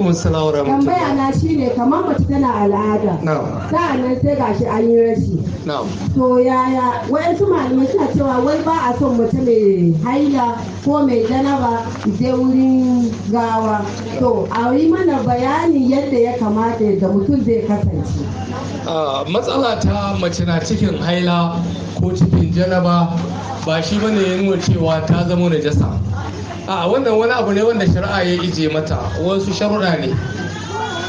alaikum assalam wa tambaya na shine kamar mace tana al'ada sa'a nan sai shi an yi rashi to yaya su malamai suna cewa wai ba a son mace mai haila ko mai janaba je wurin gawa to a yi mana bayani yadda ya kamata da mutum zai kasance matsala ta mace na cikin haila ko cikin janaba ba shi bane ya nuna cewa ta zama najasa a wannan wani abu ne wanda shari'a ya ije mata wasu sharuɗa ne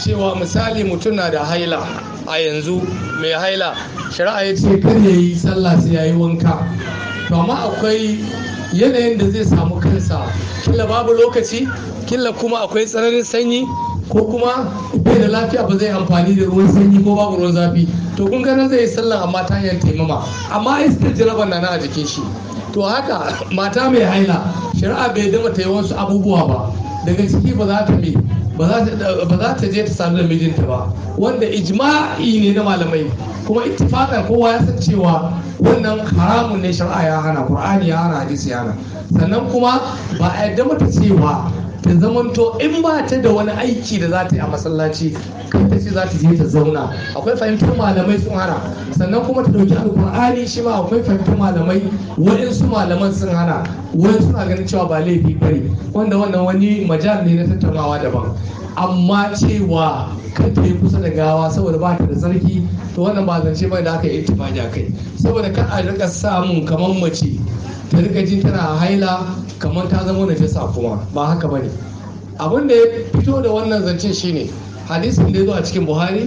cewa misali mutum na da haila a yanzu mai haila shari'a ya ce kan ya yi sallah sai ya yi wanka to amma akwai yanayin da zai samu kansa killa babu lokaci killa kuma akwai tsananin sanyi ko kuma bai da lafiya ba zai amfani da ruwan sanyi ko babu ruwan zafi to kun ganin zai yi sallah amma ta hanyar taimama amma iskar jarabar na na a jikin shi to haka mata mai haila shari'a bai dama ta yi wasu abubuwa ba daga ciki ba za ta mai ba za ta je ta sami da mijinta ba wanda ijma'i ne na malamai kuma ittifaqan kowa ya san cewa wannan haramun ne shari'a ya hana qur'ani ya hana hadisi ya hana sannan kuma ba a yadda mata cewa ta zamanto in ba ta da wani aiki da za ta yi a masallaci kan ta ce za ta je ta zauna akwai fahimtar malamai sun hana sannan kuma ta dauki alkur'ani shi ma akwai fahimtar malamai waɗansu malaman sun hana wani suna ganin cewa ba laifi bane wanda wannan wani majal ne na tattaunawa daban amma cewa ta yi kusa da gawa saboda ba ta da zargi to wannan ba zance ba da aka yi ittifaki kai saboda kan a rika samun kamar mace ta jin tana haila kamar ta zama na fesa kuma ba haka bane abin da ya fito da wannan zancen shine hadisin da ya zo a cikin buhari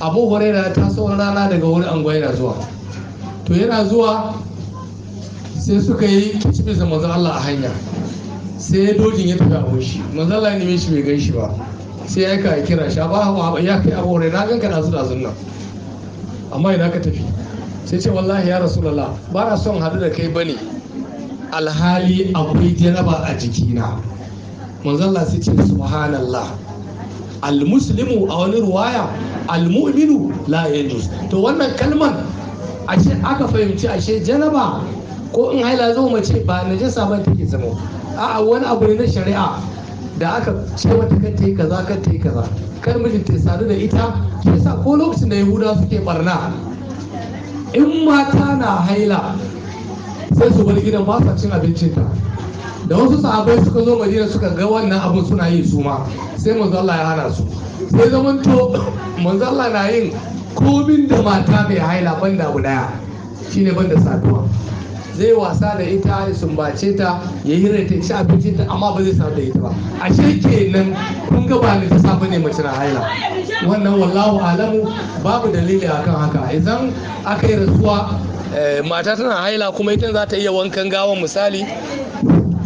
abu huraira ta sauran rana daga wurin anguwa yana zuwa to yana zuwa sai suka yi kicibis da Allah a hanya sai ya dojin ya tafi abun shi manzon Allah ne shi bai gan shi ba sai ya kai kira shi ba hawa ya kai abu huraira gan ka dazu dazun nan amma ina ka tafi sai ce wallahi ya rasulullah ba na son hadu da kai bane alhali akwai jaraba a jikina manzalla su ce subhanallah almuslimu a wani ruwaya almu'minu la yanjus to wannan kalman ashe aka fahimci ashe jaraba ko in haila zo mace ba najasa ba take zama a'a wani abu ne na shari'a da aka ce mata kan ta yi kaza kan ta yi kaza kar mijin ta sadu da ita yasa ko lokacin da yahuda suke barna in mata na haila sai su bar gidan ba sa cin abincin ta da wasu sahabbai suka zo madina suka ga wannan abin suna yi su ma sai manzo Allah ya hana su sai zaman to manzo Allah na yin komin da mata mai haila banda abu daya shine banda saduwa zai wasa da ita ya sumbace ta ya hira ta ci abinci ta amma ba zai sadu da ita ba A kenan kun ga ba ni ta samu ne mace na haila wannan wallahu alamu babu dalili akan haka idan aka yi rasuwa Eh, mata tana haila kuma ita za ta iya wankan gawan misali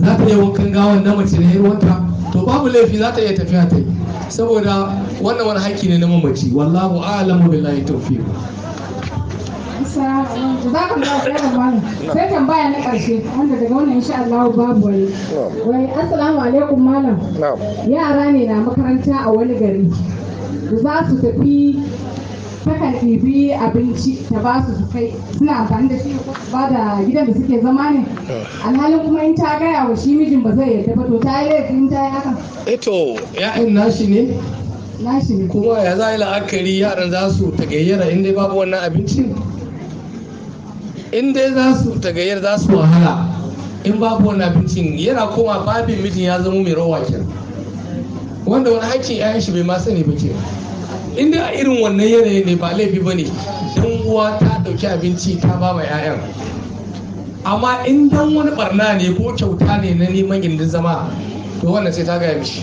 za ta iya wankan gawan na mace da wata to babu laifi za ta iya tafiya ta yi saboda wannan wani haƙƙi ne na mamaci wallahu a'lamu billahi tawfiq sai tambaya na ƙarshe wanda daga wannan insha Allah babu wani wai assalamu alaikum malam yara ne na makaranta a wani gari za su tafi takan ɗibi abinci da ba su kai suna amfani da shi ba da gidan da suke zama ne ah. alhalin kuma in ta gaya wa shi mijin ba zai yarda ba to ta yi laifin ta yi hakan eto eh ya'yan nashi ne nashi ne kuma ya za yi la'akari yaran za su tagayyara in dai babu wannan abincin in dai za su tagayyar za su wahala in babu wannan abincin yana koma babin mijin ya zama mai rawa kenan wanda wani hakkin 'ya'yan shi bai ma sani ba kenan inda a irin wannan yanayi ne ba laifi ba ne don uwa ta ɗauki abinci ta ba ma 'ya'yan amma in dan wani barna ne ko kyauta ne na neman gindin zama to wannan sai ta gaya mishi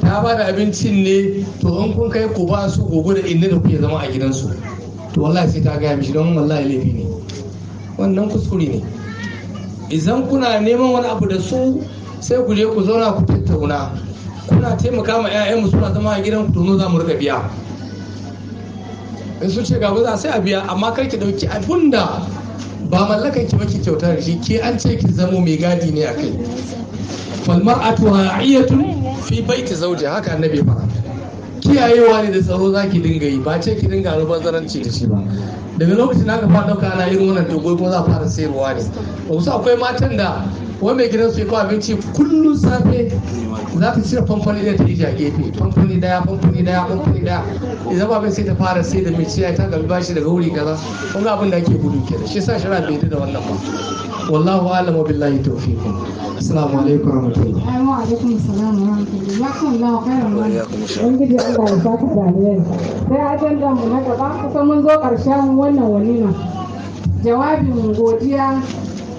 ta ba da abincin ne to in kun kai ku ba su gogo da inda da kuke zama a gidansu to wallahi sai ta gaya mishi don wallahi laifi ne wannan kuskure ne idan kuna neman wani abu da su sai ku je ku zauna ku tattauna kuna taimaka ma 'ya'yanmu suna zama a gidan tono za mu rika biya in sun ce gaba za sai a biya amma kar ki dauki abun da ba mallakan ki baki kyauta da shi ke an ce ki zamo mai gadi ne akai a iya tun fi baiti zauje haka annabi ba kiyayewa ne da tsaro za ki dinga yi ba ce ki dinga rubazaranci da shi ba daga lokacin aka fara dauka ana irin wannan dogo ko za a fara sayarwa ne wasu akwai matan da wani mai gidansu ya kawo abinci kullum safe za ta cire famfani ɗaya ta ije a gefe famfani ɗaya famfani ɗaya famfani ɗaya. idan ba bai sai ta fara sai da mai ciya ta gabi bashi daga wuri kaza kun abin da ake gudu kenan shi yasa shara bai da wannan ba wallahu a'lamu billahi tawfiq assalamu alaikum warahmatullahi wa alaikum assalam wa rahmatullahi ya kun Allah khairan wa an gidi Allah ya saka daliyar sai ajanda mu na gaba kusan mun zo karshen wannan walima jawabin godiya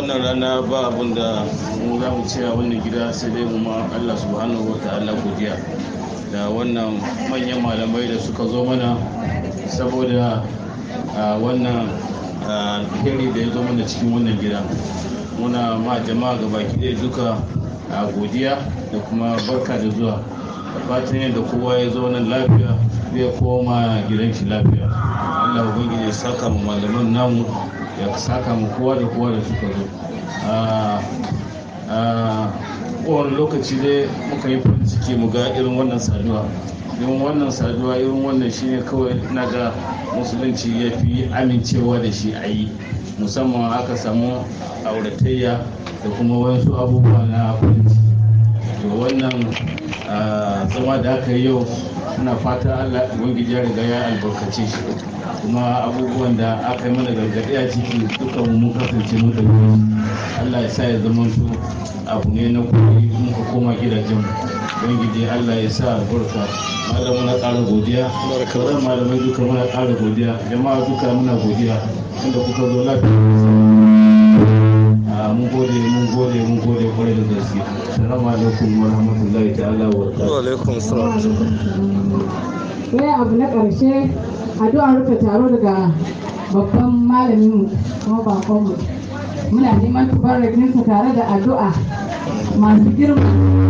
wannan rana ba abin mu za mu ce a wannan gida sai dai kuma Allah subhanahu wa ta'ala godiya da wannan manyan malamai da suka zo mana saboda wannan alheri da ya zo mana cikin wannan gida muna ma jama'a ga baki ɗaya duka a godiya da kuma barka da zuwa da fatan yadda kowa ya zo nan lafiya zai koma gidan shi lafiya Allah ubangiji ya saka mu malaman namu ya saka mu kowa da kowa da suka zo ah, ah, kowane lokaci dai muka yi bincike mu ga irin wannan saduwa irin wannan saduwa irin wannan shine kawai na ga musulunci ya fi amincewa da shi a yi musamman aka samu auratayya da kuma wasu abubuwa na kwanci to wannan ah, zama da aka yi yau muna fata allah ubangiji ya riga ya albarkace shi kuma abubuwan da aka yi mana gargaɗi a ciki dukkan mun kasance mun da allah ya sa ya zama abu ne na koyi muka koma gidajen ubangiji allah ya sa albarka malam muna ƙara godiya sauran malamai duka muna ƙara godiya jama'a duka muna godiya inda kuka zo lafiya mun gode mun gode mun gode kwarai da gaske assalamu alaikum wa rahmatullahi ta'ala wa barakatuh wa alaikum assalam sai abu na karshe addu'ar rufe taro daga babban malamin kuma bakon mu muna neman tubar da tare da addu'a masu girma